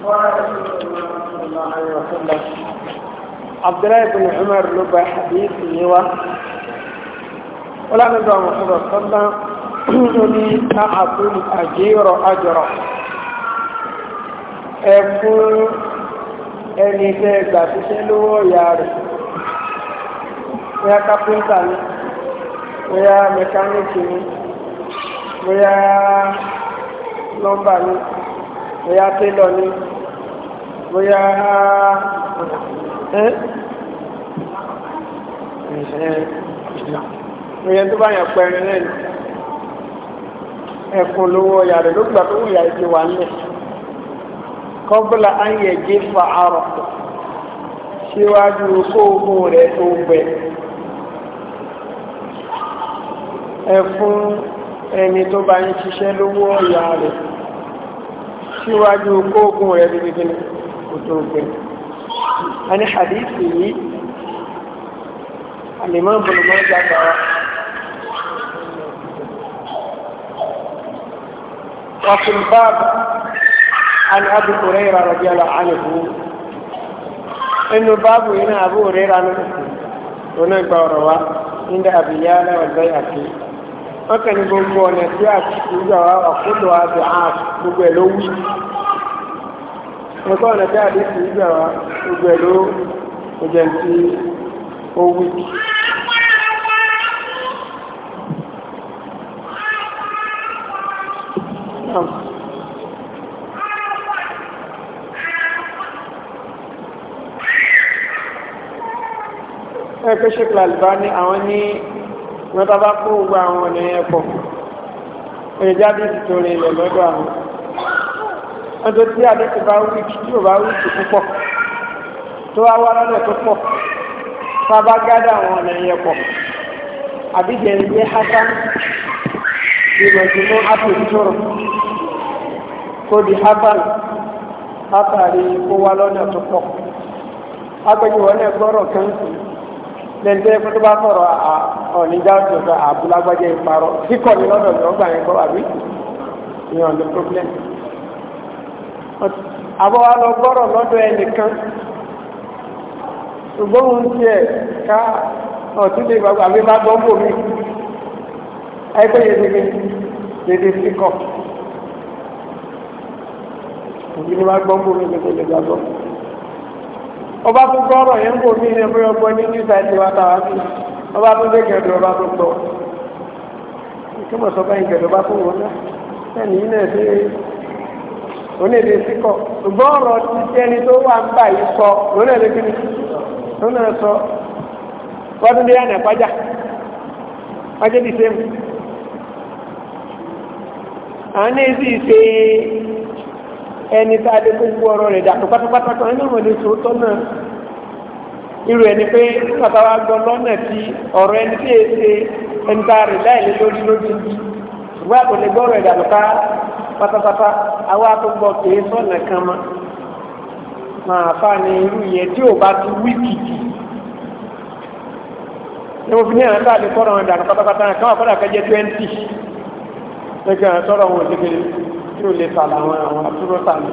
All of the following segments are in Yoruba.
abdullahi bin umar ló gba hadithi yìí wá ó lánà bá muhammad sallá ó ní ta'atul ajiro ajiro ẹ fún ẹni tẹ́ gbà síṣẹ́ lówó ìyá rẹ̀ bóyá kápẹ́ńtà ni bóyá mẹkáníìkì ni bóyá nọ́mbà ni bóyá télọ̀ ni bóyá ìyẹn tó bá yàn pẹ̀rin náà ẹ̀kùn lówó ọ̀yà rẹ̀ ló gbà tó wù yà ìdí wà nílẹ̀ kọ́bùlà ayẹ̀ gé fa àrọ̀ síwájú kóògùn rẹ̀ tó gbẹ̀ ẹ̀fún ẹni tó bá ń ṣiṣẹ́ lówó ọ̀yà rẹ̀ síwájú kóògùn rẹ̀ tó kò tó gbẹ a ní hadithi yìí alimọ́ bọ̀lùmọ́ jágbà wa وفي الباب عن أبي هريرة رضي الله عنه إنه باب هنا أبو هريرة هنا قوروا عند أبي يالا والبيعكي وكان يقول لنا في أشياء وكلها بعاص بقلوي nǹkan ọ̀nà tí àdéhùn ìgbà wa gbogbo ẹ̀ ló jẹ́ ti owó ẹgbẹ́ ṣekla àlùbá ní àwọn ní wọ́n bá bá kó gbogbo àwọn ọ̀nà ẹ̀pọ̀ òyìnbá bí ìtòrè ilẹ̀ lọ́dọ̀ àwọn ọjọ́ tí àdéhùn bá wí tí ò bá wí tù púpọ̀ tó wá wá lọ́nà tó pọ̀ tá a bá gádà àwọn ọ̀nà yẹn pọ̀ àbíjẹ̀ ń gbé hasan ìmọ̀ ìdùnnú àpòjútòrò kó di hasan látàrí kó wá lọ́nà tó pọ̀ agbẹjọ́wọ́ náà gbọ́rọ̀ kan sí lẹ́ńdẹ́ fún tó bá sọ̀rọ̀ ọ̀nìjà ọ̀sọ̀tọ̀ àbúlágbájẹ́ ìparọ́ kíkọ̀ ní lọ́dọ̀ lọ́gbà yẹn kọ́ àbí ìyọ̀n ní problem. àbọ̀ wa lọ gbọ́rọ̀ lọ́dọ̀ ẹnìkan ṣùgbọ́n òun ẹ̀ ká ọ̀tún lè gbogbo gbàgbọ́ ọba tó gbọ́rọ̀ yẹn bò mí ní ẹgbẹ́ ọgbọ́n ní nígbà sí ọba tó dé ọba tó gbọ́ onídìí síkọ̀ ṣùgbọ́n ọ̀rọ̀ títí ẹni tó wà ń bà yìí sọ lónà lè fi ni lónà sọ wọ́n lé àná pàjá wọ́n jẹ́ bí sẹ́mu àwọn náà sì ṣe ẹni tá a lè gbogbo ọ̀rọ̀ rẹ̀ dàpọ̀ pátápátá kan ẹni ọ̀mọ̀dé sòótọ́ náà irú ẹni pé bàbá wa gbọ́ lọ́nà tí ọ̀rọ̀ ẹni tí èsè ẹni tá a rè láì lé lórí lójú ìgbà kò lè gbọ́ ọ̀rọ̀ ẹ̀dà lọ́ka pátápátá àwa tó gbọ́ pé sọ̀nà kan mọ́ máa fà ní irú yẹn tí ò bá ti wí kìkì ní mo fi ní àwọn táàbí kọ́ra wọn dànù pátápátá náà káwọn kọ́ra kẹjẹ twenty lẹ́gbẹ̀ẹ́ àwọn sọ̀rọ̀ wọn òṣèlú tí o lè fà láwọn àwọn àtúrò tààlù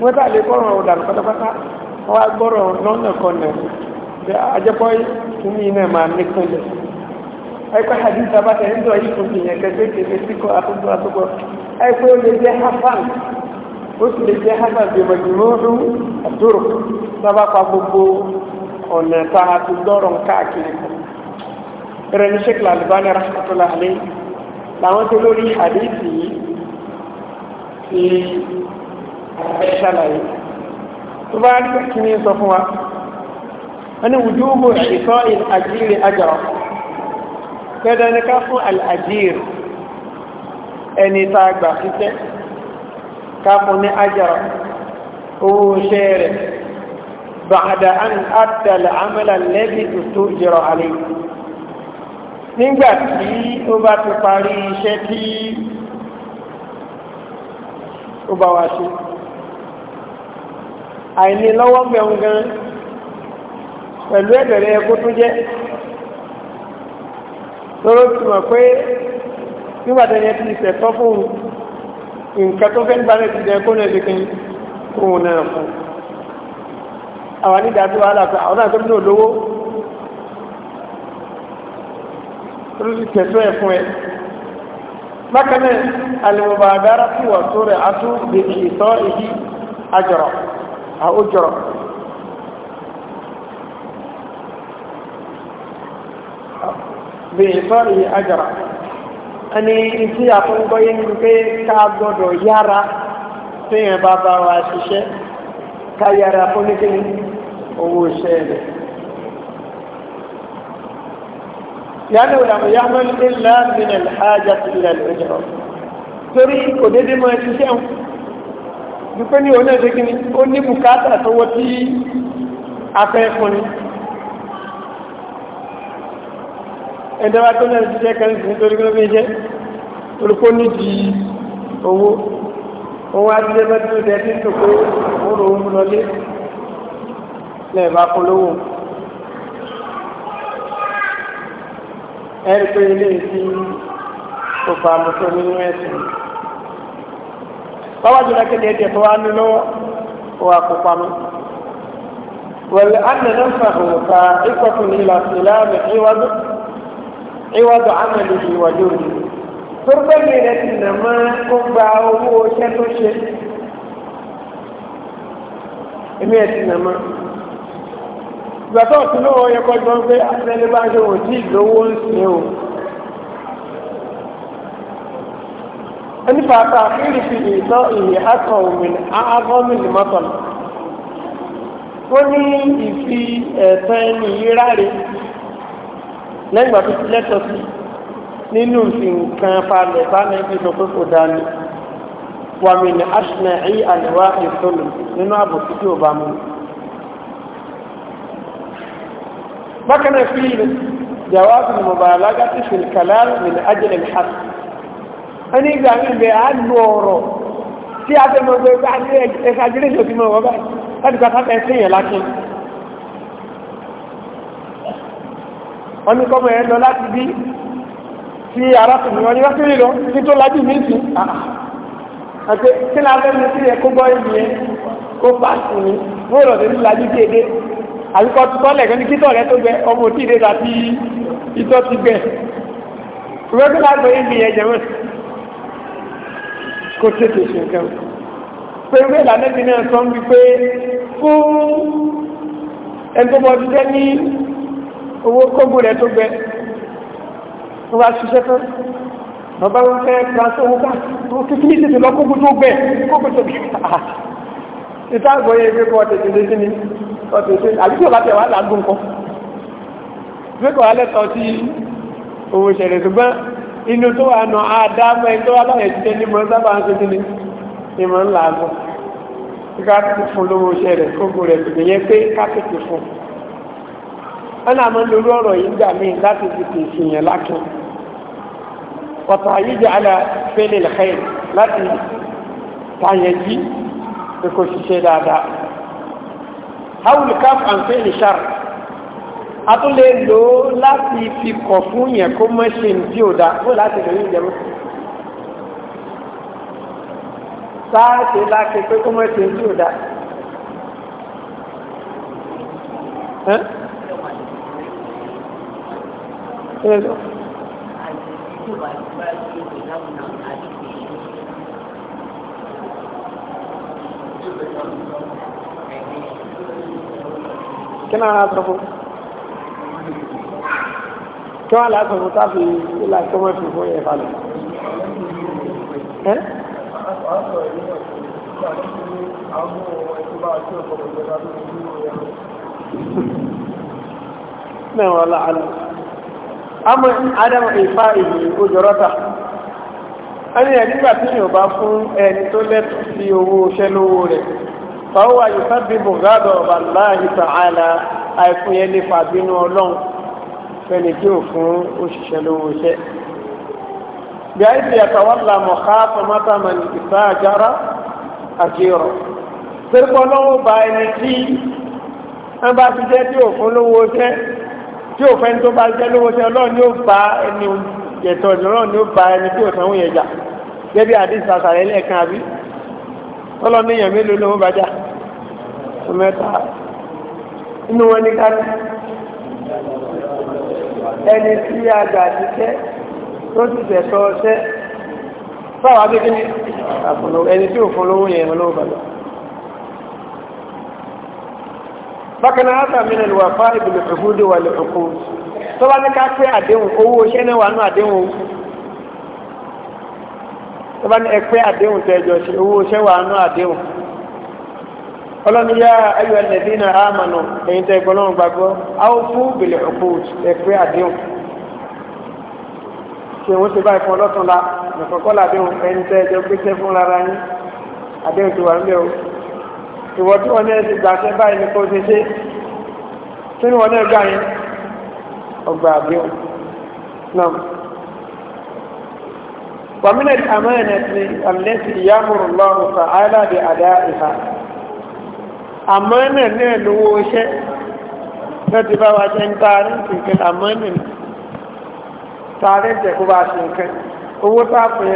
wọ́n tààlé kọ́ra wọn dànù pátápátá wọ́n á gbọ́rọ̀ lọ́nà kan náà àjẹpọ̀ ìmí náà máa ní kanlẹ̀ ẹ̀kọ́ àdìsá bá tẹ̀ ń dọ̀ yìí fún ìyẹn kẹsẹ́kẹsẹ́ síkọ́ àtúgbò àtúgbò ẹgbẹ́ ó lè jẹ́ hasan ó sì lè jẹ́ hasan bí mọ̀jùmọ́rún àdúrò sábà pa gbogbo ọ̀nà tá a ti dọ́rọ̀ káàkiri kan rẹ̀ ní sheikh lalibani rahmatulah alayhi làwọn tó lórí àdéhìsì yìí ti ṣàlàyé tó bá rí kí ni sọ fún wa wọ́n ní wùdúùbù ìsọ́ ìl àjírí àjọ kẹ́dẹ́ ní ká fún àl àjírí ẹni tá a gbà síṣẹ́ ká fún ní ajara owó iṣẹ́ rẹ̀ ba'da an adala amala alladhi ustujira alayhi nígbà tí ó bá ti parí iṣẹ́ tí ó bá wá ṣe àìní lọ́wọ́ mẹ́un pẹ̀lú ẹ̀bẹ̀rẹ̀ ẹkú tó jẹ́ lóró ti nígbà tó yẹn ti ṣẹ̀tọ́ fún nǹkan tó fẹ́ nígbà mẹ́tì jẹ kó lẹ́sẹ̀ kí kó wọn náà fún àwọn nígbà tó wàhálà pé àwọn náà tó nínú olówó tó ti ẹ̀ fún ẹ bákan náà àlùmọ̀bà tí wọ́n tó rẹ̀ atú bèbí ìtọ́ ìdí àjọrọ̀ àójọrọ̀ bèbí ìtọ́ ìdí àjọrọ̀ ẹni tí àfọ́ngbọ́yé ní pé ká gbọ́dọ̀ yára fíyàn bá bá wa ṣiṣẹ́ ká yára fún ní kíni owó iṣẹ́ rẹ̀. yánà ìlànà yánà ńlá nínú ìlàjà tó ilẹ̀ lójọ́ torí kò déédéé máa ṣiṣẹ́ wọn dúpẹ́ ní onídẹ́gbẹ́ni ó ní bùkátà tó wọ́n tí afẹ́ fún ni. ẹ̀dẹ́wà tó náà jíjẹ́ kan sí nítorí kí ló fi jẹ́ olùkọ́ ní di owó owó adúlé bá dúró dẹ́ tí tòkó òwúrò ń lọlé lẹ́ẹ̀bá polówó ẹ̀rí pé ilé ìdí òfò àmùtò nínú ẹ̀sìn báwa jùlọ ẹ̀jẹ̀ tó wá ní lọ́wọ́ òwò àkópamọ́ wẹ̀lẹ̀ ànàdánfà òwò ká ikọ̀tún ìlà ìlà àmì ìwádìí ìwọ́dọ̀ amẹ́lú ìwọ́dọ̀ òní tó gbẹ́mí rẹ̀ ti nà máa kó gba owó iṣẹ́ tó ṣe èmi ẹ̀ ti nà máa ìgbà tó ọ̀tún lówó yẹ kọ́ jọ pé afẹ́lẹ́ bá ṣe wò tí ìlówó ń sin o ẹni pàtà fíìrìfì ìtọ́ ìhè akọ̀ òmìn àgọ́mìnì mọ́tọ̀lù ó ní ìfi ẹ̀tọ́ ẹni yíra rèé lẹ́yìn ìgbà tó ti lẹ́tọ̀ sí nínú nǹkan falẹ̀ bámi fi sọ pé kò dání wà mí ní aṣínà ẹ̀yí àlẹ́wà ìtọ́lù nínú ààbò tí kí o bá mú. bákan náà fi jawaabu ni mo bá alága ti fi kàlá mi ní ajẹ́lẹ̀ mi hàt. ẹni ìgbà wọ́n ní kọ́mọ ẹ̀ lọ láti bí tí arákùnrin wọn ni wọ́n kéré lọ ní tó lajú mi sí ah, ah. àti kí ni abẹ́ mi sí yẹ kó gbọ́ ẹ̀mí yẹn kó pàṣẹ mi mo rọ̀ sí lajú kéde àbíkọ́ tó tọ́lẹ̀ kan ní kítọ̀ rẹ tó gbẹ ọmọ òtí ìdè tàbí ìtọ́ ti gbẹ ìwé kí lágbọ́ ẹ̀mí yẹn jẹ̀mọ́ kó tètè ṣe nǹkan pé ìwé ìlànà ìbí náà sọ ń bi pé fún ẹgbẹ́ owó kógó rẹ̀ tó gbẹ tó wá ṣiṣẹ́ tán bàbá wọn fẹ́ transfer owó kan tó kékeré tètè lọ kógó tó gbẹ kógó tó gbẹ ah. ìta àgbọ̀ yẹ pé kó ọ tètè lé kíni ọ tètè àbí tí o bá tẹ̀ wá làágùn kan pé kò wá lẹ́tọ̀ọ́ sí owó ìṣẹ̀lẹ̀ ṣùgbọ́n inú tó wà nù àdámọ́ ẹ̀ tó wá láyé jíjẹ́ ní mọ́ sábà ń ṣe kíni ìmọ̀ ńlá àgbọ̀ ká fún lówó iṣẹ́ rẹ̀ kógó rẹ̀ tètè yẹ pé ká tètè fún wọn náà máa ń lórí ọ̀rọ̀ yìí gbà mí láti fi pèsè yẹn lákin ọ̀tọ̀ àyíjà àlà fẹ́lẹ̀ lẹ́yìn láti tàyẹ̀jí pé kò ṣiṣẹ́ dáadáa hawlù kaf and fẹ́lẹ̀ ṣar a tún lè lò ó láti fi kọ̀ fún yẹn kó mọ́ ṣe ń dí òdà kó láti lè ní ìjẹun sáàtì láti pé kó mọ́ ṣe ń dí òdà ẹ̀rọ. kíná ara sọ fún kí wọ́n láti fún táfi ilá tó mọ́ fi fún ẹ̀fà lọ. Mẹ́wàá láàánú àmọ́ adam ìfá ìlú ojúrọ́ta ẹni ẹ̀ nígbà tí yóò bá fún ẹni tó lẹ́tọ̀ sí owó iṣẹ́ lówó rẹ̀ fàáwọ́ àyùká bíbù gádọ̀ ọ̀bàláhì tààlà àìfún yẹn lè fàbínú ọlọ́run fẹ́ni tí ò fún òṣìṣẹ́ lówó iṣẹ́ bí i ti àtàwọ́lá mọ̀ká tọmátà mọ̀ní ìfá àjára àjẹrọ pẹ̀lú ọlọ́run bá ẹni tí wọ́n bá ti jẹ́ tí ò fún lówó iṣẹ́ tí òfẹ́ ní tó bá jẹ́ lówó sí ọlọ́run yóò bá ẹni ẹ̀tọ́ ọlọ́run yóò bá ẹni tí òsàn òun yẹn jà gẹ́gẹ́ àdìs àṣàrẹ́ lẹ́ẹ̀kan àbí ọlọ́run ní èèyàn mélòó lówó bá jà tó mẹ́ta inú wọn ní ká ẹni tí a gbà ṣiṣẹ́ tó ti tẹ̀sọ́ ṣẹ́ fáwọn abẹ́kẹ́ni ẹni tí òfin lówó yẹn lówó bá bákan náà hasa mi nàlùwà fá ìbìlì ìfúdù wà lẹ́kọ̀ọ́kù tó bá ní ká pé àdéhùn owó iṣẹ́ náà wà nù àdéhùn tó bá ní ẹ pé àdéhùn tẹ̀jọ́ sí owó iṣẹ́ wà nù àdéhùn ọlọ́ni yá ayọ̀ ẹ̀nẹ̀dí náà àmànà ẹ̀yìn tẹ̀ gbọ́lọ́run gbàgbọ́ áwọ̀ fún ìbìlì ìfúdù ẹ pé àdéhùn ṣe wọ́n ti báyìí fún ọlọ́tún la nìkan kọ́ làdéhùn ẹni tẹ́ ẹjọ́ ìwọ tí wọn náà ti gbà ṣe báyìí ni kò ṣe ṣe kí náà gbà yẹn ọgbà àbíọ náà ومن الأمانة التي يأمر الله تعالى بأدائها àmọ́nà náà lówó iṣẹ́ láti bá wa jẹ́ ń tààrí nǹkan àmọ́nà tààrí jẹ́ kó bá ṣe nǹkan owó tààfin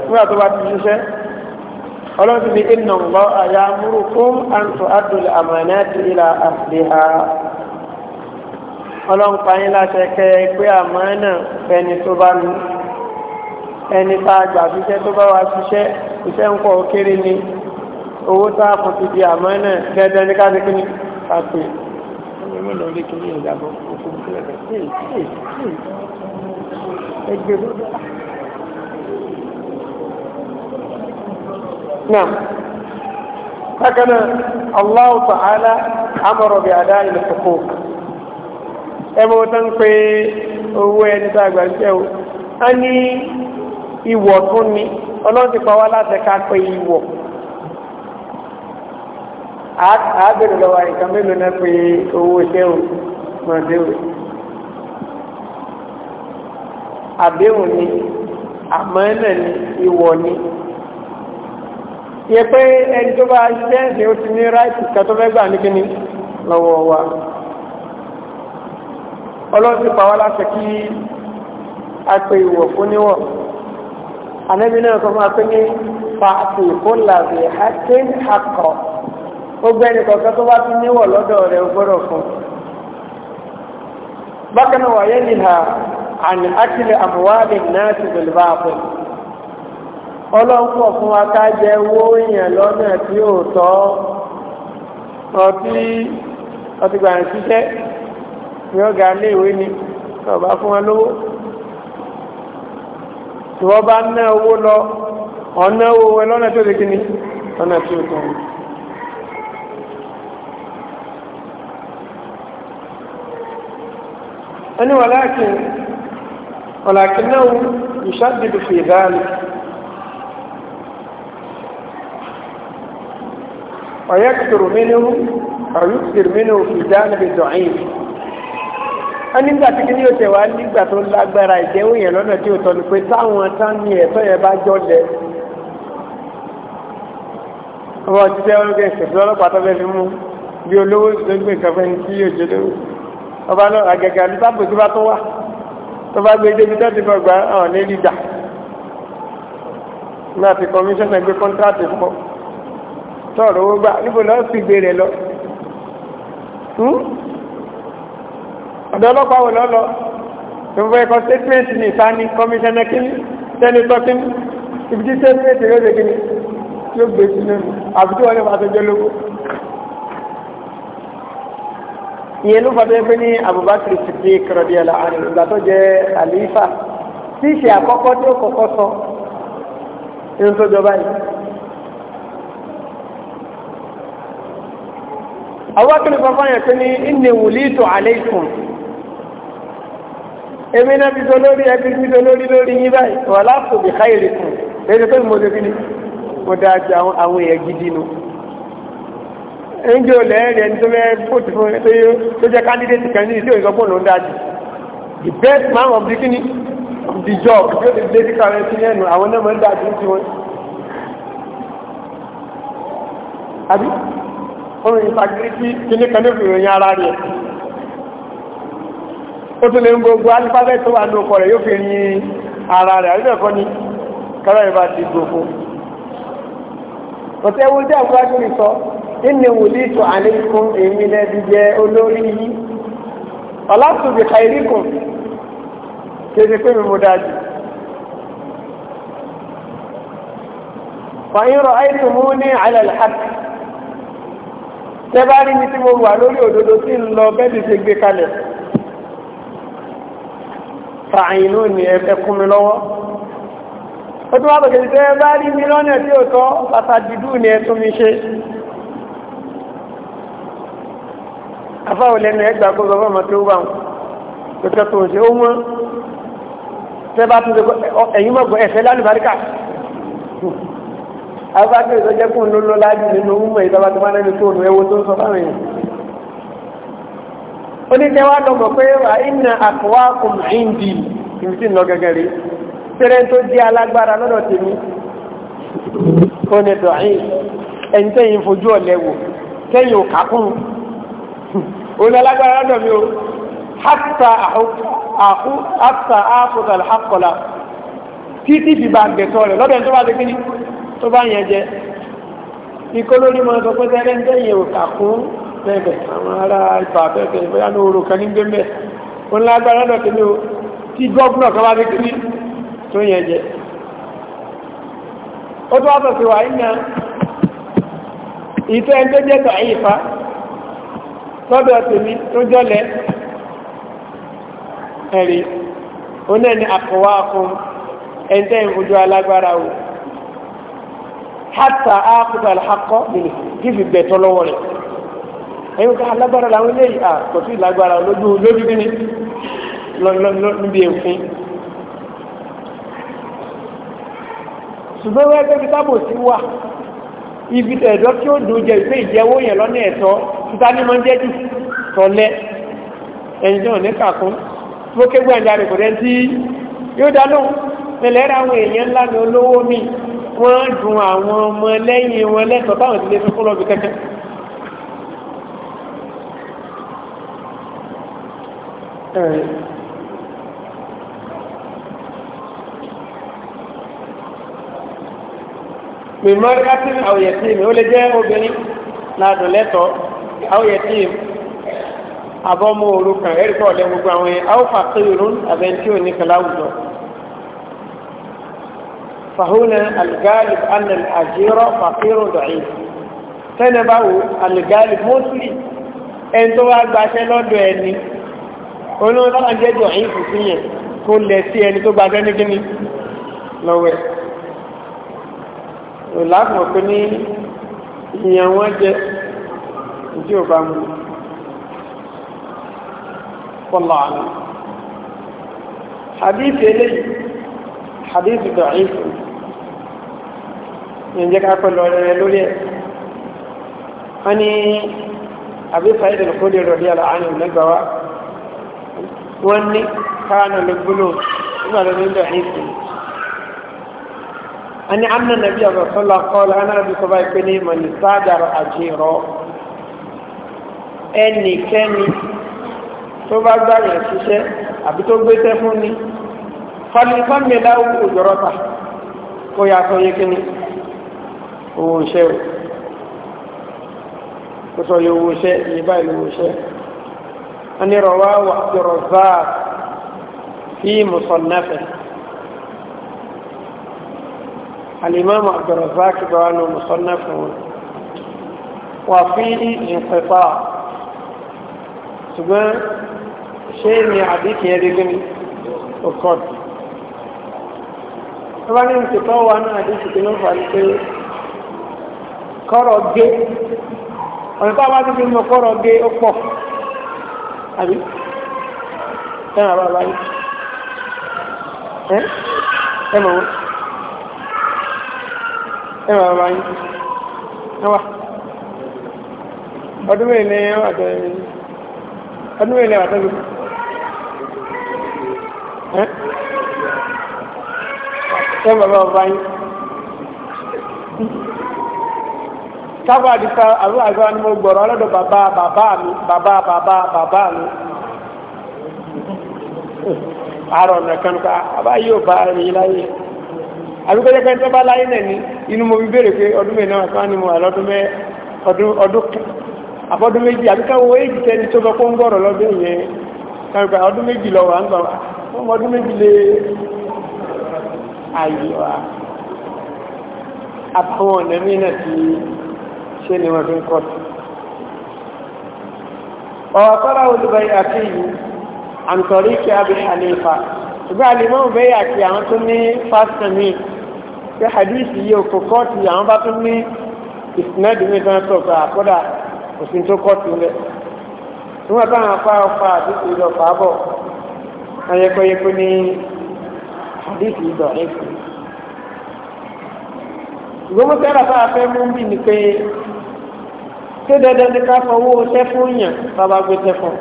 nígbà tó bá ti ṣiṣẹ́ ọlọ́run ti fi inna Allaha ya'murukum an tu'addu al-amanati ila ahliha ọlọ́run pa yín láṣẹ kẹ́ ẹ pé àmánà ẹni tó bá ní ẹni tá a gbà ṣiṣẹ́ tó bá wa ṣiṣẹ́ iṣẹ́ ń kọ́ kéré ni owó tá a fò ti di àmánà dẹ́dẹ́ ní káàdì kí ni ká pè é kí ni ìjàmbá òkú ẹgbẹ́ نعم هكذا الله تعالى أمر بأداء الحقوق ẹmọ tó ń pe owó ẹni tó àgbà ṣẹ́ o a ní ìwọ̀ tún ni ọlọ́run ti pa wá láti ká pé ìwọ̀ àábèrè lọ́wọ́ nǹkan mélòó náà pé owó ṣẹ́ o mọ̀ọ́dẹ́ o àdéhùn ni àmọ́ náà ni ìwọ̀ ni yẹ pé ẹni tó bá ṣiṣẹ́ ẹ̀sìn ó ti ní ráìtì kan tó fẹ́ gbà ní kíni lọ́wọ́ wa ọlọ́run ti pa wá láṣẹ kí a pe ìwọ̀ fún níwọ̀ ànẹ́bí náà sọ fún pé ní fàtì ìkólàbì hakim akọ ó gbẹ́ni kọ̀ọ̀kan tó bá ti níwọ̀ lọ́dọ̀ rẹ̀ gbọ́dọ̀ fún bákan náà wà yẹ́ àni akílẹ̀ àmúwádìí náà ti bẹ̀lẹ̀ bá a fún ọlọ́pọ̀ fún wa ká jẹ owó èèyàn lọ́nà tí ó tọ́ ọtí ọtìgbà ń ṣiṣẹ́ ní ọ̀gá iléèwé ni ọba fún wa lówó tí wọ́n bá ná owó lọ ọ̀nà owó ẹ lọ́nà tó dékí ni lọ́nà tí ó tọ́ ẹni wàlákin wàlákin náà ìṣàdìdì fi ọ̀yẹ́kìtìrù mínú ọ̀yẹ́kìtìrù mínú ìdánilè dọ̀yìn wọ́n nígbà tí kíní òtẹ̀ wá nígbà tó lágbára ìjẹ́wò yẹn lọ́nà tí ó tọ́nu pé táwọn tán ní ẹ̀tọ́ yẹn bá jọ́lẹ̀ ọmọ òtítẹ́ ológun ìṣẹ̀fẹ́ ọlọ́pàá tó fẹ́ fi mú bí olówó ìṣègbè ìṣẹ̀fẹ́ ní kí òjò lówó ọba náà àgẹ̀gẹ̀ àdúgbò tó bá tó wà tó bá gbé débi tó ti fọ gbà hàn ní lídà náà ti kọmíṣọ́nà gbé kọ́ńtrátì fún ọ tọ̀rọ̀ owó gbà níbo lọ́ọ́ sì gbé rẹ̀ lọ. ọ̀dọ́ ọlọ́pàá wò lọ́lọ́ tó fẹ́ kọ́ statement ní ìsáni kọmíṣánná kínní sẹ́nitọ́ kínní ibi tí statement yóò ṣe kínní tí ó gbé sínú ẹnu àbí tí wọ́n lè fàṣẹ jẹ́ lógo. ìyẹn ló fàtẹ́ pé ní Abubakar Siddiq radiyallahu anhu ìgbà tó jẹ́ àlífà tí ìṣe àkọ́kọ́ tí ó kọ́kọ́ sọ ní àwọn akẹ́lẹ̀ bàbá yẹn tó ní inni wulitu alaykum èmi náà ti dolórí ẹbí ti dolórí lórí yín báyìí wà láàpù bí káyìrì kù lẹ́yìn pé mo ṣe kíni mo dáa ju àwọn àwọn èèyàn gidi nu. ẹnjẹ́ olè ẹ̀rẹ́ ẹni tó fẹ́ fòtù fún ẹ tó jẹ́ candidate kan ní ìdí òyìnbó pọ̀ ló ń dájú. the best man of the kini the job tí ó ti dé sí kàwé sí lẹ́nu àwọn náà máa ń dájú sí wọn. àbí orin ìfàgírísí kíní kan ní ìròyìn ara rẹ̀ ó tún lè ń gbogbo alifábẹ́ tó wà ní ọkọ̀ rẹ̀ yóò fi rin ara rẹ̀ àríbẹ̀kọ́ ni kọ́rọ̀ ìbá ti gbogbo ọ̀tẹ́ ewu jẹ́ àgbájú mi sọ inú wòlíì tó àlékún èmi lẹ́bi jẹ́ olórí yìí ọ̀làtúbì kàìríkùn kéde pé mi mo dájú fàyínrọ̀ àìsùn mú ní àlẹ́ àlẹ́ àti tẹ bá rí mi tí mo wà lórí òdodo tí ń lọ bẹ́ẹ̀ni ṣe gbé kalẹ̀ fàáyínú ni ẹfẹ́ kún mi lọ́wọ́ ó tún wá bẹ̀kẹ̀ tẹ bá rí mi lọ́nà tí ó tọ́ bàtà dìdú ni ẹtún mi ṣe afáwò lẹ́nu ẹgbàá gbogbo ọmọ ọmọ tó wà tó tẹ́ tó ń ṣe ó mọ́ tẹ tún ṣe ẹ̀yìn mọ̀gbọ́ ẹ̀fẹ́ lálùbáríkà abájọ ìsọjẹ́ fún un ló lájú nínú mímọ̀ ìjọba tó bá lẹ́nu tó òun ẹwọ tó ń sọ fáwọn èèyàn. oníṣẹ́ wa lọ́mọ̀ pé wà ìnà àkọ́wá kùn ìndì ìbí sì ń lọ gẹ́gẹ́ rí tẹ́rẹ́ tó jẹ́ alágbára lọ́dọ̀ tèmi ó ní dọ̀hìn ẹni tẹ́yìn fojú ọ̀lẹ́ wò tẹ́yìn ò kàkún ó ní alágbára lọ́dọ̀ mi o hátà àkútà àkọ́tà títí fi bá rẹ̀ lọ́dọ̀ tó bá ti kí ni tó bá yẹn jẹ ikó lórí máa sọ pé tẹ́lẹ̀ ń tẹ́yìn òkà fún bẹ́ẹ̀ àwọn ará ibà bẹ́ẹ̀ bóyá ní oòrùn kan ní gbé mẹ́ òun lágbára lọ tẹ́lẹ̀ o tí gọ́ọ̀gùnà kan bá fi kiri tó yẹn jẹ ó tó wá ẹni àkọwà fún ẹ̀ńtẹ́ ìfojú alágbára o. hata akuta alhakọ nínú kífi bẹtọ lọ́wọ́ rẹ̀ ẹyìn ká alágbára làwọn eléyìí à kò sí lágbára lójú níbi ṣùgbọ́n tábò sí wà ibi ẹ̀dọ́ tí ó dùn jẹ́ ìpé ìjẹ́wó yẹn lọ́nà ẹ̀tọ́ títà ní máa ń jẹ́jù tọ́lẹ́ ẹni náà ní kàkún tó kégbé ẹ̀dá rẹ̀ kò tí yóò àwọn wọ́n dùn àwọn ọmọ lẹ́yìn wọn lẹ́tọ̀ọ́ táwọn ìdílé fi kúrò bí kẹ́kẹ́. mímọ́ kátí àwòyẹ̀tì mi ó lè jẹ́ obìnrin ládùn lẹ́tọ̀ọ́ àwòyẹ̀tì mi àbọ̀mọ́ òru kan ẹ̀rí kọ́ ọ̀lẹ́ gbogbo àwọn yẹn àwòfà tó yòrò àbẹ̀ntì òní kan láwùjọ. فهنا الغالب أن الأجير فقير ضعيف تنبأ الغالب مسلم أنت وعد باشا لدو أني ونو طبعا جاء ضعيف فيه كل شيء أني تو بعدين نجني لو láàpù ọ̀pẹ́ ní ìyàn wọn jẹ ìdí ò bá mú pọ̀lọ̀ àná hadith eléyìí ìjẹ́ ká pẹ̀lú ọ̀rẹ́ lórí ẹ̀ wọ́n ní Abu Sa'id al-Khudri radiyallahu anhu lẹ́gbàá wa wọ́n ní káànà ló gbóló nígbà tó ní ń dọ̀hìn sí i wọ́n ní amúnà nàbí ọ̀rọ̀ sọ́lá kọ́ọ̀lù anábì sọ́ba ìpè ní mọ̀ owó iṣẹ́ o ó sọ yóò owó iṣẹ́ iye báyìí lówó iṣẹ́ wọ́n ní rọ̀wá wà jọ̀rọ̀ záà fi musannafẹ́ alimami abdulrazak bawa ní musannafẹ́ wọn wà fi ìpẹ́fà ṣùgbọ́n ṣé ni àdíkì ẹ̀rígbìn ọkọ̀ tí wọ́n ní wà ní àdíkì tí ló fà ní pé kọ́rọ̀ gé ọ̀nà tó bá títí mọ kọ́rọ̀ gé ó pọ̀ àbí ẹ̀rọ àbá àbá yìí ẹ̀ ẹ̀ mọ̀ wọ́n ẹ̀rọ àbá yìí ẹ̀ wá ọdún mẹ́rin ní àtẹ ọdún mẹ́rin ní àtẹ gbogbo ẹ̀ ẹ̀ bàbá ọba yìí. káfà àdìsá àrùn àgbà ni mo gbọ̀rọ̀ ọlọ́dọ̀ bàbá bàbá mi bàbá bàbá bàbá mi àrò ọ̀nà kan o àbá yóò bá ẹni láyé àbíkọ́jẹ́ pé tó bá láyé náà ní inú mo fi béèrè pé ọdún mẹ́rin náà kan ni mo wà lọ́dún mẹ́ ọdún àbọ́dún méjì àbíkáwọ́ èjì tẹ́ni tó bọ́ kó ń gbọ́rọ̀ lọ́dún yẹn kan ká ọdún méjì lọ wà ń gbà wá ọmọ ọdún méjì lé ayé wa àbáwọn ọ̀nà mí náà ti ṣé ni wọ́n fi ń kọ́tù ọ̀pọ̀lá olùbẹ̀ àti ìlú àǹtọ̀rí kí a bí hanifa ìgbà àlìmọ́ òbẹ́ àti àwọn tó ní fásitì pé hadith yìí ò kò kọ́ọ̀tù àwọn bá tó ní hadith yìí tẹ́lá fáwọn afẹ́ mú bí ni pé ṣé dandan ni ká sanwó oṣẹ́ fún yàn bàbá gbé tẹ́ fún un.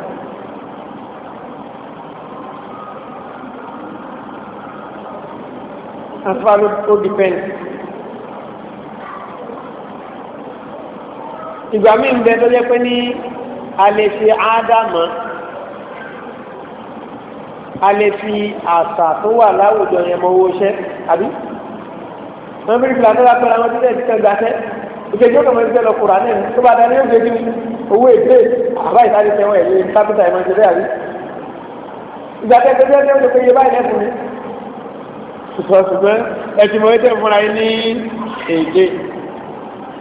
àtúbà ló tó dìpẹ́ǹtì. ìgbà míì ń bẹ tó jẹ́ pé ní a lè fi ádámà a lè fi àṣà tó wà láwùjọ yẹn mọ owó iṣẹ́ àbí wọ́n bí ìgbà tó lápẹ́ làwọn tó tẹ̀sí kan gbàṣẹ́ ìgbẹ́jọ́ kọ̀ọ̀mọ́ ti tẹ́lọ kura náà tó bá dání yóò gbẹ́jọ́ owó èdè àbá ìtàdé tẹ́wọ̀n ẹ̀yẹ kápítà ẹ̀mọ́ ti bẹ́ẹ̀ rí. ìgbà tẹ́ tẹ́tẹ́ tẹ́ tẹ́ yé báyìí lẹ́kùn mi. ṣùgbọ́n ṣùgbọ́n ẹ ti mọ ẹtẹ fúnra yín ní èdè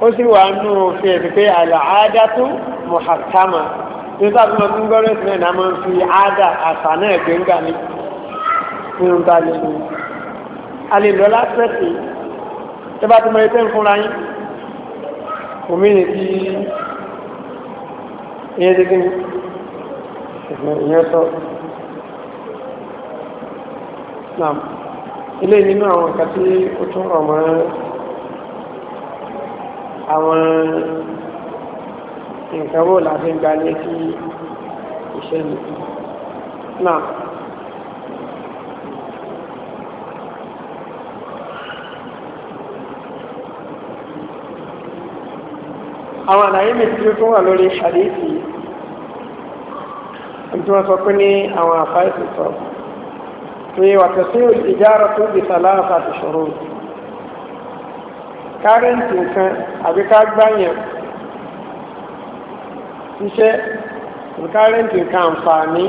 ó sì wà nù fi ẹ̀sìn pé àlàádátu muhakkama nígbà tí wọ́n ti ń gbọ́rọ̀ ẹ̀sìn náà máa ń fi àádà àṣà náà gbé ńgà ní nínú ta lè lò. a lè lọ lásìkò tí wọ́n bá ti mọ ẹtẹ fúnra yín omi ni kí iye tí kí ni ìyẹn sọ náà ilé nínú àwọn nǹkan tí ó tún rọ̀ mọ́ àwọn nǹkan wò láti gbalẹ̀ sí iṣẹ́ nìkan náà àwọn àlàyé mi tí ó tún wà lórí àdéhìí tí wọ́n sọ pé ní àwọn àfáìsì sọ pé wàtò sí ìjára tó di sàlàfà àti ṣòro kárẹ́ǹtì nǹkan àbí ká gbáyàn iṣẹ́ kárẹ́ǹtì nǹkan àǹfààní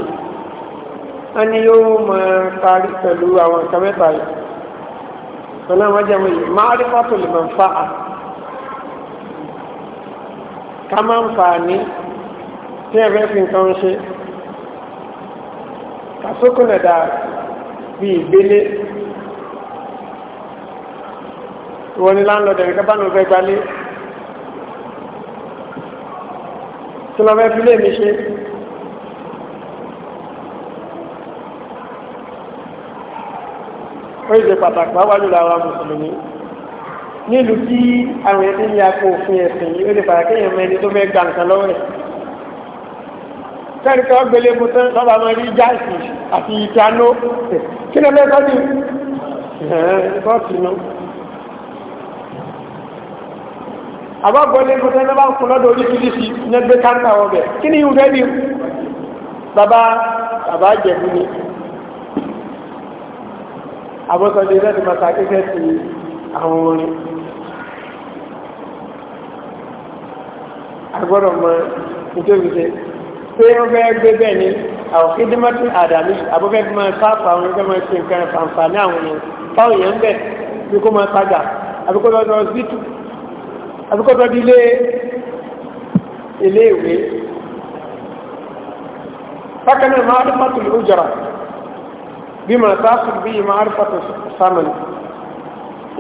a ní yóò máa parí pẹ̀lú àwọn nǹkan mẹ́ta yìí pẹ̀lú àwọn jẹ́mọ̀ yìí máa rí pàtó lè máa fa àti ká máa ń fa ní tí ẹ̀rẹ́ fi nǹkan ṣe kàsókùnẹ̀dà bí ìgbélé wọ́n ní láńlọ́dẹ̀ nǹkan bá nù fẹ́ gbalé tí wọ́n fẹ́ fi lé mi ṣe ó ìdè pàtàkì wáwájú lára mùsùlùmí nílùú tí àwọn ẹni ní apò òfin ẹ̀sìn yìí ó lè fàyà kéèyàn mọ ẹni tó fẹ́ gba nǹkan lọ́wọ́ ẹ̀. sẹ́ni kan gbélé mu tán lọ́ba máa rí jáàsì àti ìtànó kí ló lẹ́kọ́ ní bọ́ọ̀tì nù. àbá gbọ́lé mu tán lọ́ba ń kun lọ́dọ̀ oríṣiríṣi nẹ́gbẹ́ káńtà wọn bẹ̀ kí ni ìwúrẹ́ ni bàbá bàbá jẹ̀bú ni àbọ̀sọ̀dé rẹ̀ ti màtà kékeré ti àwọn orin agbọ́dọ̀ mọ nítorí ṣe pé wọ́n fẹ́ gbé bẹ́ẹ̀ ni àwọn kíndìmọ́tì àdàmì abọ́fẹ́ fi máa sáàpù àwọn ẹgbẹ́ máa ṣe nǹkan àǹfààní àwọn èèyàn báwọn èèyàn ń bẹ̀ bí kò máa tajà àbíkọ́ lọ́dọ̀ ọsibítù àbíkọ́ lọ́dọ̀ ilé ilé ìwé bákan náà máa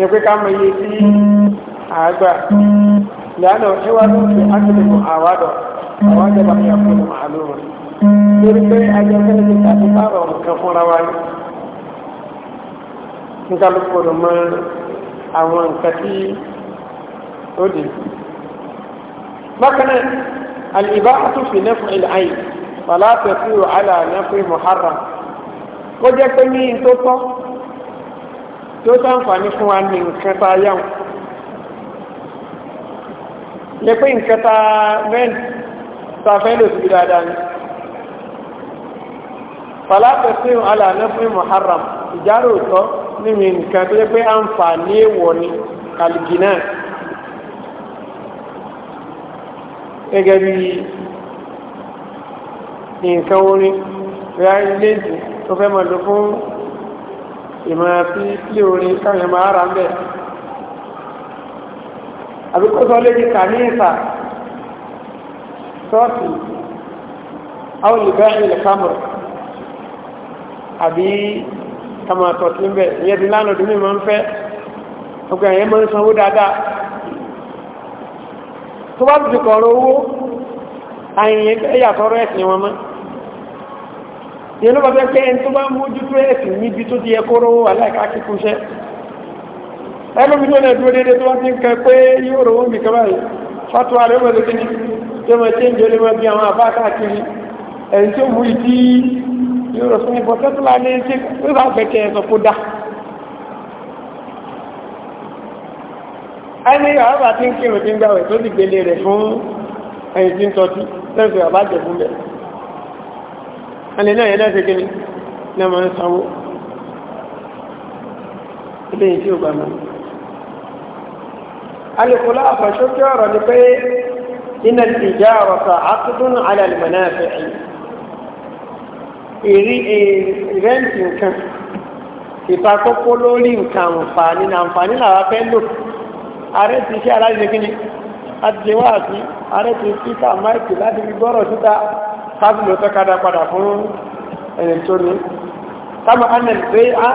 ìpé ká mọ iye tí àgbà lánàá ṣíwájú ti ákìlìmọ̀ àwádọ̀ àwájọba ní ọkùnrin màálù rẹ̀ lórí pé ajọ́fẹ́lẹ́ ti tàbí bára nǹkan fúnra wa ní nígbàlùkù rẹ̀ mọ àwọn nǹkan tí ó dì bákan náà alìbá àtúnfì nẹ́fún ilẹ̀ ayé wàlá tẹ̀síwò tó fani fún wa ní nǹkan tá a yàn yẹ pé nǹkan tá a mẹ́rin tá a fẹ́ lò síbi dáadáa ni fàlàfẹ́ sí àlànà fún muharram ìjárò tọ́ níbi nǹkan tó yẹ pé àǹfààní èèwọ̀ ni kàlìgínà gẹ́gẹ́ bí nǹkan orin rẹ̀ ilé ìdí tó fẹ́ mọ̀ lò fún ìmọ̀ fi ilé orin káyọ̀ máa rà ń bẹ̀. àbíkọ́sọ lè di kàníyèsà sọ́ọ̀sì àwọn olùgbẹ́ ilẹ̀ kámọ̀ àbí kàmọ̀ àtọ̀tí ń bẹ̀ ìyẹ́ ti lánà ọdún mímọ̀ ń fẹ́ ọgbẹ̀ ẹ̀yẹ́ mọ́ ń sanwó dáadáa tó bá ti kọ̀ọ̀rọ̀ owó àyìnyẹ́ yàtọ̀rọ̀ ẹ̀sìn wọn mọ́ yẹn ló bá fẹ́ pé ẹni tó bá ń mójútó ẹ̀sìn níbi tó ti yẹ kóró aláìka kíkúnṣẹ́ ẹlòmínú náà dúró déédéé tó wá ti ń kẹ pé yóò rò wọ́n bì kẹ́ báyìí fatuwa rẹ̀ mọ̀ lókè ní tí wọ́n ti ń jẹ́ lé bí àwọn àbá káàkiri ẹni tó mú ìdí yóò rò fún ìbọn tẹ́tùlá ní tí ó bá fẹ́ kẹ́ kó dá. ẹni àbá ti ń kírun ti ń gbàwẹ̀ tó ti gbélé rẹ̀ fún ẹni tí ń sọtí lẹ́sìn àbájẹ̀ fún bẹ́ẹ̀ alẹ́ náà yẹn láti kíni náà máa ń sanwó ilé yìí tí ó bá mọ́ alìkùlá àfàṣókè ọ̀rọ̀ ni pé iná ìjà ọ̀rọ̀sọ̀ àtúndún alẹ́ àlùmọ́nà àfẹ́yìn ìrí ìrẹ́ǹtì nǹkan ìfakókó lórí nǹkan àǹfààní na àǹfààní làwọn fẹ́ lò ààrẹ ti ṣe aláìlẹ́gbẹ́ni àti ààrẹ ti ṣíkà máìkì láti fi gbọ́rọ̀ síta kábìlì tọ́kadà padà fún ẹni tó ní kama anil bẹ́ẹ̀ á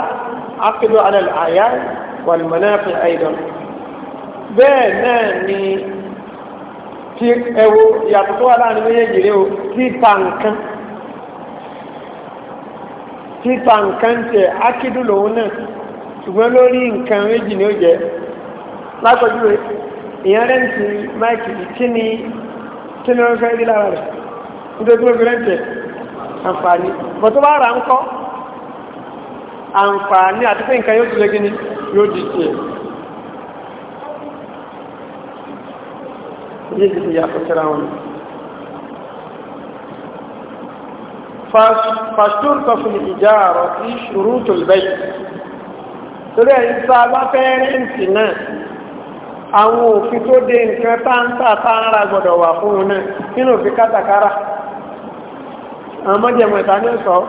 ákìlú anil àyà wàlùmọ́nà fi àìdán bẹ́ẹ̀ náà ni tí ẹwo ìyàtọ̀ tó wà láàrin méjèèjì rẹ o títa nǹkan títa nǹkan tẹ ákìlú lòun náà ṣùgbọ́n lórí nǹkan méjì ni ó jẹ́ lápẹjú rẹ ìyẹn rẹ̀ ń ti máìkì kí ni kí ni wọ́n fẹ́ rí lára rẹ̀ nítorí obìnrin jẹ àǹfààní bọ̀ tó bá rà ń kọ́ àǹfààní àti pé nǹkan yóò tó lẹ́gí ni yóò di tiẹ̀ yé ti yàtọ̀ síra wọn fàṣtúr tọ́fún ìjà àrọ̀ sí ṣùrù tó lẹ́yìn torí ẹ̀yìn sá bá fẹ́ rẹ́ǹtì àwọn òfin tó de nǹkan táǹtà táǹra gbọ́dọ̀ wà fún un náà nínú òfin kátàkárà àwọn mọ́jẹ̀mọ̀ ìta ní ọ̀sọ́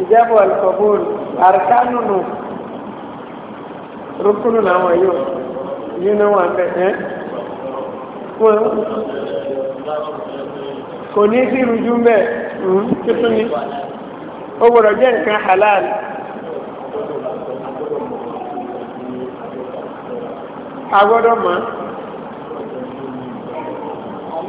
ìjẹ́bù alkọ̀bùn àrùkánùnù rúkúnù làwọn yóò yìí ní wọn bẹ̀ kò ní sí ìrújú ń bẹ̀ hmm? tuntun ni ó gbọ́dọ̀ jẹ́ nǹkan halal agbọ́dọ̀ mọ́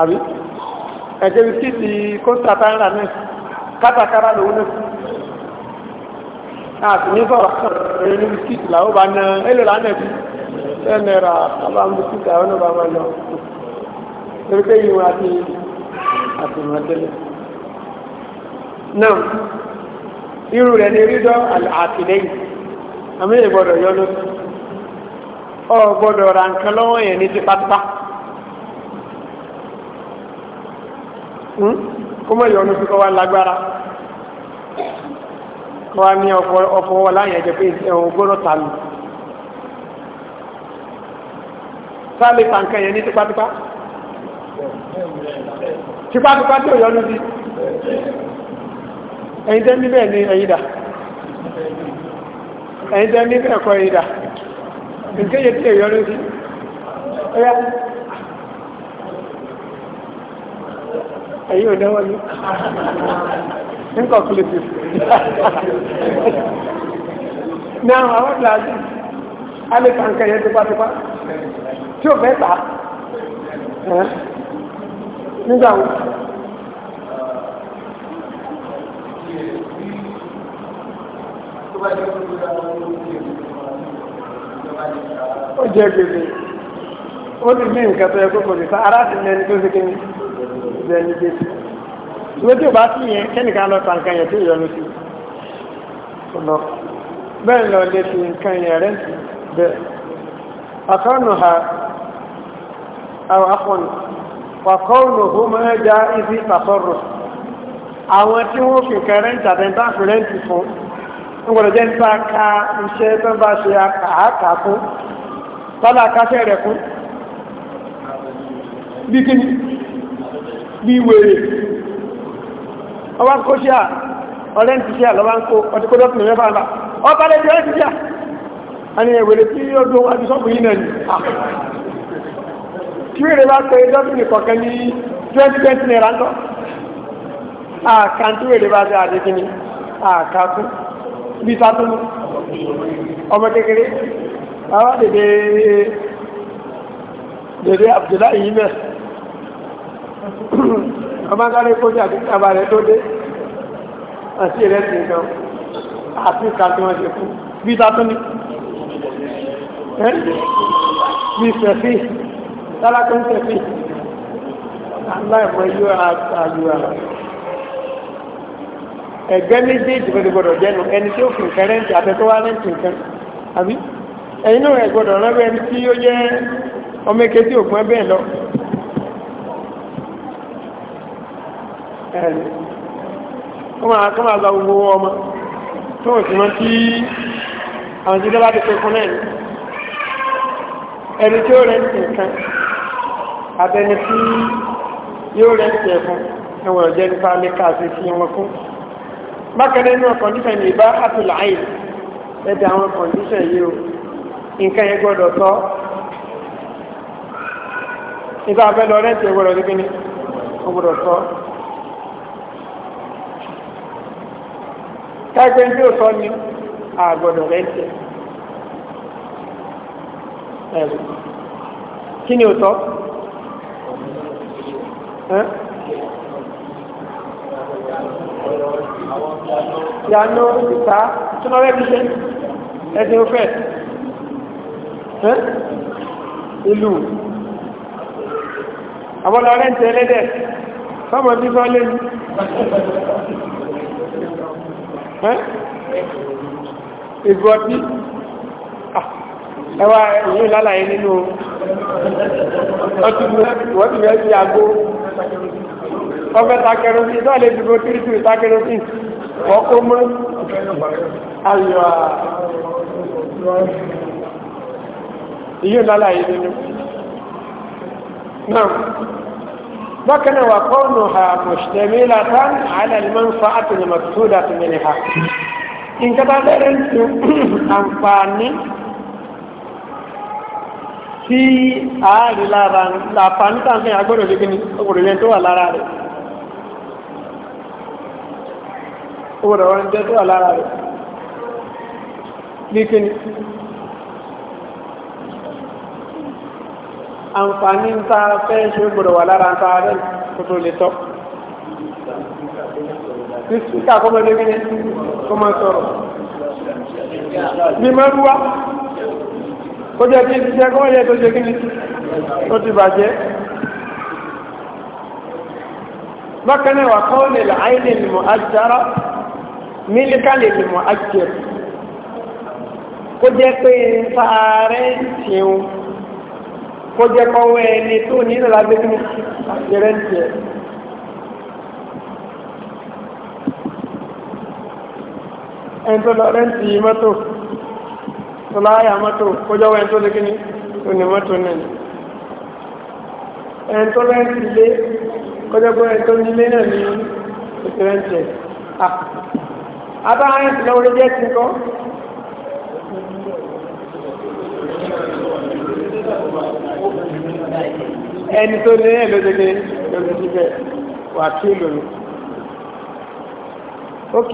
àbí ẹ̀jẹ̀ wíṣí ti kóńtà táyà náà kátàkárà lòun náà àti ní sọ̀rọ̀ ẹ̀yìn ní wíṣí làwọn bá ná èlò lánàá bí ẹ̀ náírà bàbá ń wíṣí làwọn náà bá máa lọ torí pé ìwọ̀n àti àtìmọ̀tẹ́lẹ̀ náà irú rẹ̀ ní rídọ́ àtìlẹ́yìn àmì ìgbọ́dọ̀ yọ lóṣù ọ gbọ́dọ̀ ra nǹkan lọ́wọ́ yẹn ní tipátipá Hmm? kó mọ̀ yọnu sí kọ́ wa lágbára kọ́ wa ní ọ̀fọ̀ wọ láyìn ẹ̀jẹ̀ pé ẹ̀wọ̀n gbọ́dọ̀ ta sáàlì pàǹkà yẹn ní tipátipá tipátipá tí ò yọnu ní dà dà nǹkan yẹn tí ò yọnu ẹ̀yìn ò náwó ní inconclusive now àwọn gíláàsì alẹ́ka nǹkan yẹn tipátipá tí ò fẹ́ tà nígbà wo. ó jẹ́ gbèsè ó ti ní nǹkan tó yẹ kó kò lè sa ara ti mẹ́ni tó ṣe kéde rẹ ní jésù ìwé tí ò bá sí yẹn kẹ́nìkan lọ ta nǹkan yẹn tó yọnu sí lọ bẹ́ẹ̀ lọ lè fi nǹkan yẹn rẹ̀ bẹ́ẹ̀ àkọ́nù ha àwọn akọ́nù wàkọ́nù hó máa já ibi tàfọ́rọ̀ àwọn tí wọ́n fi nǹkan rẹ̀ ń tàbí bá fi rẹ̀ ń ti fún ń gbọ́dọ̀ jẹ́ nípa ka iṣẹ́ tó bá ṣe àkàkà fún tọ́lá kásẹ̀ rẹ̀ fún bí kíni bí wèrè ọba kó ṣíà ọ̀rẹ́ ti ṣíà lọ́wọ́ ń kó ọtí kó dọ́kùnrin mẹ́fà ńlá ọba lẹ́jọ́ ọ̀rẹ́ ti ṣíà àni ìwèrè tí ó dún wájú sọ́pù yìí náà ni kí wèrè bá pé dọ́kùnrin kọ̀ọ̀kan ní 2020 naira ńkọ́ àkàntí wèrè bá ṣe àdékíní àkàkún bí sátúnú ọmọ kékeré àwọn dèdè Abdullahi yìí mẹ́rin ọba sáré kójú àti kaba rẹ̀ tó dé àti ìrẹsì nǹkan àti ìka tí wọ́n ṣe fún bí ta tún ní bí sẹ̀fí sára tó ń sẹ̀fí aláìmọ̀ yóò àyùwà ẹgbẹ́ méjèèjì gbọdọ̀ gbọdọ̀ jẹnu ẹni tí ó fi nǹkan rẹ́ǹtì àtẹ́tọ́ wá rẹ́ǹtì nǹkan àbí ẹ̀yin náà ẹ̀ gbọdọ̀ rẹ́bẹ̀ẹ́ tí ó jẹ́ ọmọ eke tí òògùn ẹbẹ̀ lọ ẹ̀rẹ̀ kọ́mà àgbà gbogbo ọmọ tó ò sí mọ́ tí àwọn ti dọ́lá ti pẹ́ fún náà ẹni tí ó rẹ̀ ń tẹ̀ kan àtẹni tí yóò rẹ̀ ń tẹ̀ fún ẹwọ̀n ọ̀jẹ́ nípa lè káàsì fi wọn kún bákan nínú kọ̀ndíṣàn ní ìbá àtùlà àyè ẹ̀dẹ̀ àwọn kọ̀ndíṣàn yìí o nǹkan yẹn gbọ́dọ̀ kájẹ́ tí ó sọ ní àgbọ̀dọ̀ rẹ̀ tẹ̀ ẹ̀rù kí ni ó tọ́ yàánú ìta túnmọ̀ rẹ̀ bí ṣe ẹ̀sìn òfẹ́ ìlú àwọn ọ̀rẹ́ ń tẹ̀lẹ́dẹ̀ sọ́mọ̀ bí sọ́lé ìgò ọtí ah, ẹwà ìlú lálàyé nínú ọtí wọ́n ti fẹ́ sí àgbo ọfẹ́ takerosi náà lè dìbò tírí tírí takerosi ọkọ mọ́ ayọ̀ ìyó lálàyé nínú náà bákan náà wà على المنفعة المقصودة منها. àdàlímọ́nfà àtìlẹ́mọ̀tòdà tó mẹ́lẹ̀ ha nǹkan bá bẹ̀rẹ̀ ń tu àǹfààní tí ààrí lára àǹfààní tàbí agbọ́dọ̀ lé kíní ọkùnrin tó wà lára rẹ̀ ọkùnrin tó wà lára rẹ̀ bí kíní àǹfààní ń ta fẹ́ ṣe gbọ́dọ̀ wà lára ń ta rẹ̀ kó tó lè tọ́ ní síkà kọ́mọ ẹgbẹ́ ní kọ́mọ sọ̀rọ̀ ní mẹ́rúwá ó jẹ́ kí ìṣẹ́ kọ́mọ yẹ tó ṣe kí ni ti bàjẹ́ bákan náà wà kọ́ọ̀lì àìní ìlmọ̀ àjára mílíkàlì ìlmọ̀ àjẹrù ó jẹ́ pé ń ta rẹ̀ ṣeun kó jẹ́ kọ́wọ́ ẹni tó ní ìlànà gbẹ́gbẹ́ àtẹ̀rẹ́ǹtì ẹ̀. ẹni tó lọ rẹ́ǹtì mọ́tò tó láyà mọ́tò kó jọ́wọ́ ẹni tó lé kíní tó ní mọ́tò náà ẹni tó rẹ́ǹtì lé kó jẹ́ kọ́wọ́ ẹni tó ní ilé náà ní àtẹ̀rẹ́ǹtì ẹ̀. àbá rẹ́ǹtì lọ́wọ́ ló jẹ́ kọ́ ẹni tó ní ẹ̀ lójoojú lójú síbẹ̀ wà kí lòlù. ok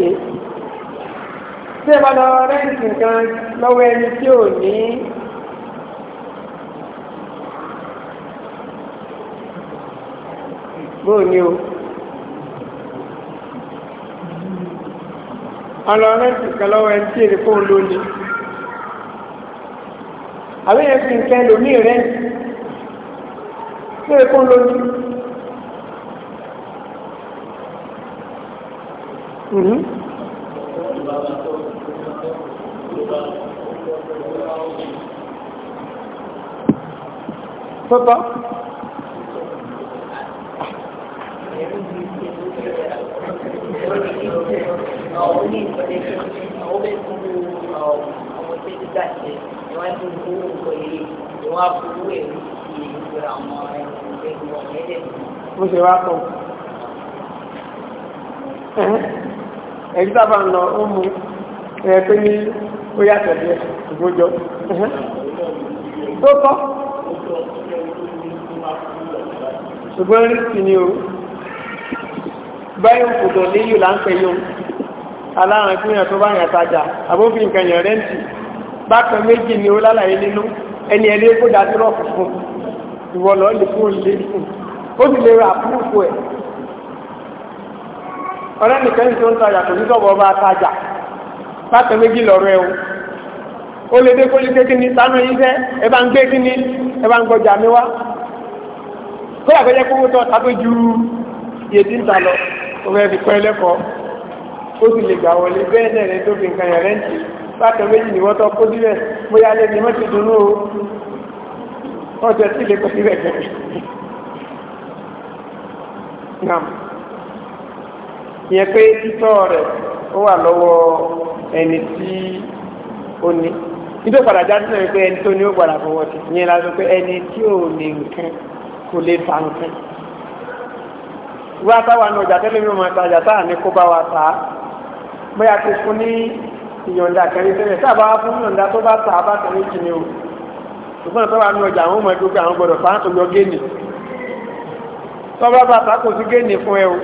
tí ẹ bá lọ rẹ́ǹtì nǹkan lọ́wọ́ ẹni tí ò ní bóò ní o. ọlọ́rẹ́ǹtì kan lọ́wọ́ ẹni tí èrè fóun lónìí àwọn èèyàn fi nǹkan ẹlòmíì rẹ̀ ṣé èkó lójú. Tọ́tọ́. Àwọn onígbàdé ṣe àwọn ọmọ ẹgbẹ́ ọmọ ẹgbẹ́ ìgbà ṣe wọ́n ti kú nǹkan yìí ni wọ́n á fowó ẹ̀ ní ìgbéra wọn ẹ̀ ẹ̀gbọ́n ọ̀lẹ́dẹ̀. mo ṣe wá kọ ẹ̀rí sábà ń lọ ó mú ẹ̀ pé ní ó yàtọ̀ díẹ̀ ìgbójọ tó kọ́ ṣùgbọ́n rí sí ni o báyìí ń kùdọ̀ léyìí là yóò aláàrin fún ìyàn tó bá àbófin nǹkan rẹ́ǹtì bákan méjì ni ó lálàyé nínú ẹni ẹni kó dájú rọ́ọ̀kù ìwọ lọ́ọ́ lè fún òlé fún ó sì lè ra àpúrúfù ẹ̀. ọ̀rẹ́ nìkan ní tó ń tajà kò ní sọ̀bọ̀ bá tajà bákan méjì o ó lè dé kólé pé kíni sánú yín fẹ́ ẹ bá ń ẹ bá ń gbọjà mi wá kó tó ju iye tí ń bákan méjì ni wọ́n tọ́ kó sílẹ̀ bóyá lè ní mọ́tò dúró o wọ́n tẹ sí ilé kọ́ sílẹ̀ gẹ̀rẹ́. nam ìyẹn pé títọ́ rẹ̀ ó wà lọ́wọ́ ẹni tí ó ní nítorí padà já sílẹ̀ pé ẹni tó ní ó padà fọwọ́ sí ìyẹn la sọ pé ẹni tí ò ní nǹkan kò lè fa nǹkan wọ́n á táwọn ọjà tẹ́lẹ̀ mi máa táà ní kó bá wa ta bóyá ti fún ní ìyọ̀ǹda kẹrin tẹ́lẹ̀ tí àbá fún ìyọ̀ǹda tó bá ta àbá kẹrin jì ni o ṣùgbọ́n tó wà ní ọjà àwọn ọmọ ẹgbẹ́ àwọn gbọ́dọ̀ fà á tó yọ géènì tọ́ba bá ta kò sí géènì fún ẹ o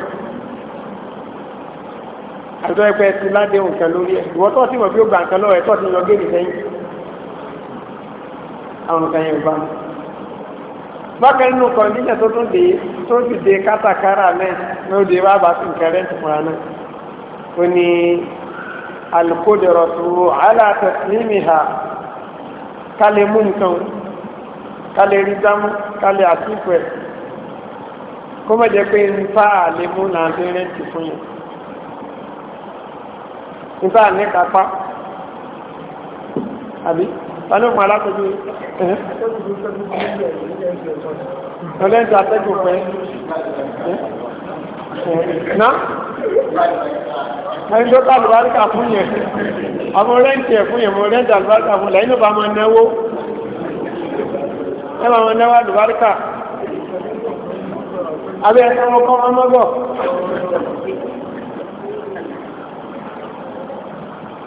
àjọ ẹgbẹ́ ti ládé nǹkan lórí ẹ ìwọ tó ti mọ̀ bí ó gbà nǹkan lọ́wọ́ ẹ tó ti yọ géènì sẹ́yìn àwọn nǹkan yẹn bá mi bákan nínú kọ̀ǹdíṣà tó tún dé tó ti dé kátàkárà náà ló dé wá bá sí nǹkan rẹ́ǹtì fúnra alikoderọtu alatasimiha kálẹ mú nǹkan kálẹ rí dámú kálẹ àtúkọ ẹ kó má jẹ pé nípa àlemú náà ti rẹǹtì fún yẹn nípa àníkàpá àbí tani fún alákòjú ọlẹ́ntì atẹ́gùn pẹ́ náà. ẹni tó kàlùbáríkà fún yẹn ọmọ rẹ́ǹtì ẹ̀ yẹn mo rẹ́ǹtì àlùbáríkà fún lẹ́yìn ló bá náwó ẹ bá náwó àlùbáríkà abẹ́ ẹ̀ sọ́wọ́ ọmọ bọ̀.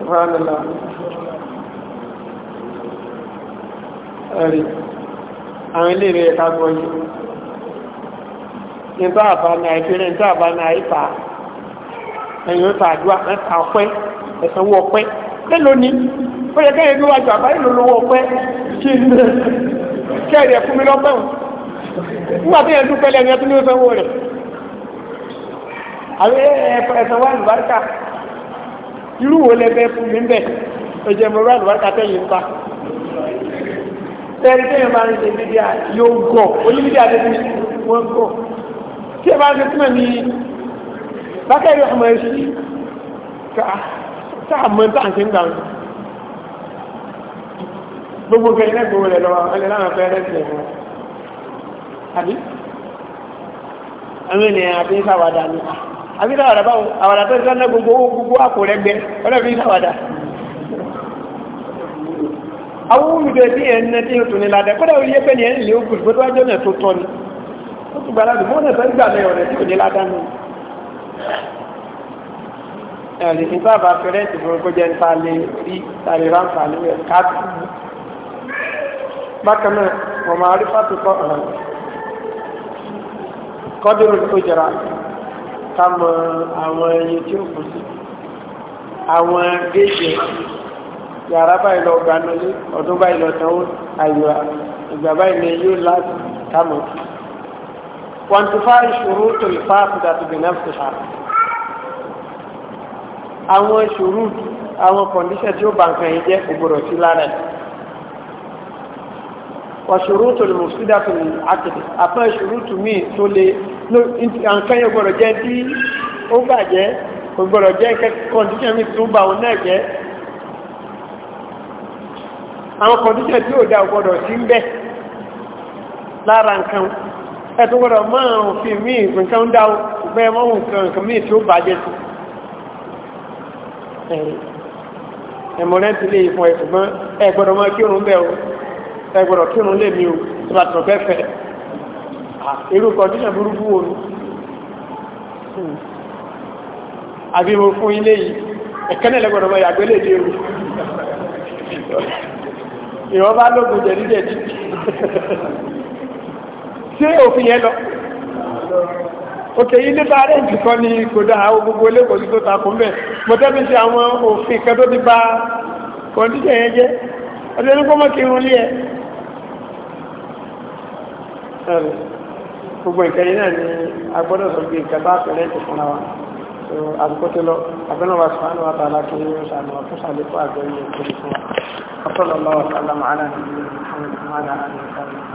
Ẹ̀rí àwọn ẹ̀yìn ó ta àdúrà ẹ̀ta ọpẹ́ ẹ̀sanwó ọpẹ́ mélòó ni ó yẹ kẹ́yìn lówó àbáyé ló lówó kí n kẹ́rì ẹ̀ mi lọ́pẹ́ o nígbà tó yẹ dúpẹ́ lẹ́nu ẹtú ní ó sanwó rẹ̀ àwọn ẹ̀sanwó àlùbáríkà irú wo lẹ́fẹ́ fún mi bẹ́ẹ̀ ẹ̀jẹ̀ mọ̀rọ̀ àlùbáríkà tẹ̀yìn pa tẹ́rí tẹ́yìn máa ń ṣe mídíà bá ń lákẹ́rẹ́ ọmọ ẹṣí káàmọ́ táàkì ń gbàmù gbogbo kẹrin lẹ́gbogbo rẹ̀ lọ ẹlẹ́ láwọn fẹ́ rẹ̀ sílẹ̀ wọn àbí àwọn ènìyàn àti ìsàwádà ni àbí ìsàwádà báwo àwàdà tó sọ́nà gbogbo owó gbogbo àpò rẹ̀ gbẹ ọlọ́bí ìsàwádà àwọn olùdó ẹbí ẹ̀ ń tí ó tún ní ládẹ́ kọ́dà orí ẹgbẹ́ ni ẹ̀ ń lè ó gbùgbọ́ tó wájọ́ náà tó tọ́ ni ó tún gbà ládùúgbò náà tó ń gbà mẹ́rin ọ̀rẹ́ tí ò ní ládá ẹ̀rì ní bàbá fẹ́rẹ́ǹtì burúkú jẹ́ nípa lè rí tàbí ráǹfà ní ẹ̀ káàtì. bákan náà wọ́n máa rí fàtí kọ́ ọ̀hún kọ́dúró tó jẹra ká mọ àwọn ẹyẹ tí ó kù sí àwọn géèjì yàrá báyìí lọ gbanulé ọdún báyìí lọ sanwó àyùrà ìgbà báyìí lè yóò láti ká mọ̀ kí. wọ́n ti fa ìṣòro tó lè fa àkùdà tó gbìnà fìhà àwọn ṣòro àwọn kọ̀ǹdíṣẹ̀ tí ó bá nǹkan yìí jẹ́ ògbòrò sí lára ẹ̀. ọ̀ṣòro tó lè mọ̀ sí dàtò ní akéde àpá ìṣòro tù mí tó lè nǹkan yẹn gbọ́dọ̀ jẹ́ tí ó bàjẹ́ ògbòrò jẹ́ kọ̀ǹdíṣẹ̀ mi tó bá òun náà jẹ́ àwọn kọ̀ǹdíṣẹ̀ tí ó dá ògbòrò sí ń bẹ̀ lára nǹkan ẹ̀tùgbọ́dọ̀ máa òfin mí nǹkan dá bẹ́ẹ̀ mọ́ nǹkan mí tí bàjẹ́ tó ẹ̀rí ẹ̀mọ̀rẹ́ntì lè fún ẹ̀ ṣùgbọ́n ẹ gbọ́dọ̀ máa kírun bẹ́ẹ̀ o ẹ gbọ́dọ̀ kírun lè mi o tí bá tọ̀ bẹ́ẹ̀ fẹ́ irú kọ̀díṣàn burúkú wo ni hmm. àbí mo fún ilé yìí ẹ̀kẹ́ náà lẹ́gbọ̀dọ̀ máa o ìwọ́n bá lóògùn jẹ̀díjẹ̀dí ṣé òkè yìí ní bárẹ́ǹtì kan ní kódà àwọn gbogbo olébòsí tó takùn bẹ́ẹ̀ mo tẹ́bi sí àwọn òfin kan tó ti ba kọ̀ǹdíṣẹ̀ yẹn jẹ́ ọdún ní kọ́mọ́ kí irun lé ẹ. gbogbo ìkẹyìn náà ni a gbọ́dọ̀ sọ pé nǹkan bá pẹ̀lẹ́ ti fúnra wa àbúkó tó lọ abẹ́nàwà sọ́hánà wa tààlà kí ó sàánà wa tó sàlẹ̀ àgbẹ̀yìn ìkọlù fún wa.